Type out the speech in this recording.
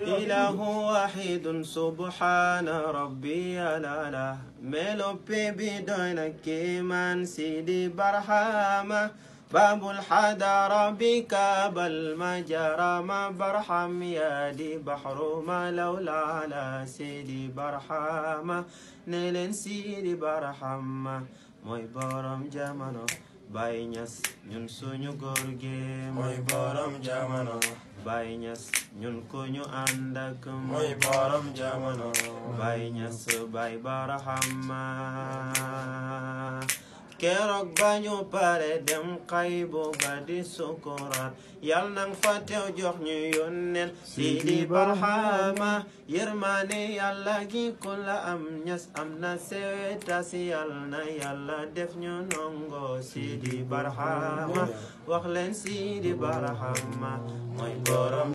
إله واحد سبحان ربي لا لا بي بدونك من سيدي برحمة باب الحضارة بك بل جرى ما برحم يا دي بحر ما لولا على سيدي برحمة نيلن سيدي برحمة موي برم جمانو باي نس نمسو نيو موي برم جمانو Baay Ñas ñun ko ñu ànd ak mooy borom jamono Baay Ñas Baay ma keroog ba ñu pare dem xaybu ba di sukuraat yal nang fa teew jox ñu yónneen sidi barxama yërmaane yàlla gi ku la am ñas am na sewetasi yal na yàlla def ñu nongo sidi barxama wax leen sidi barxama mooy borom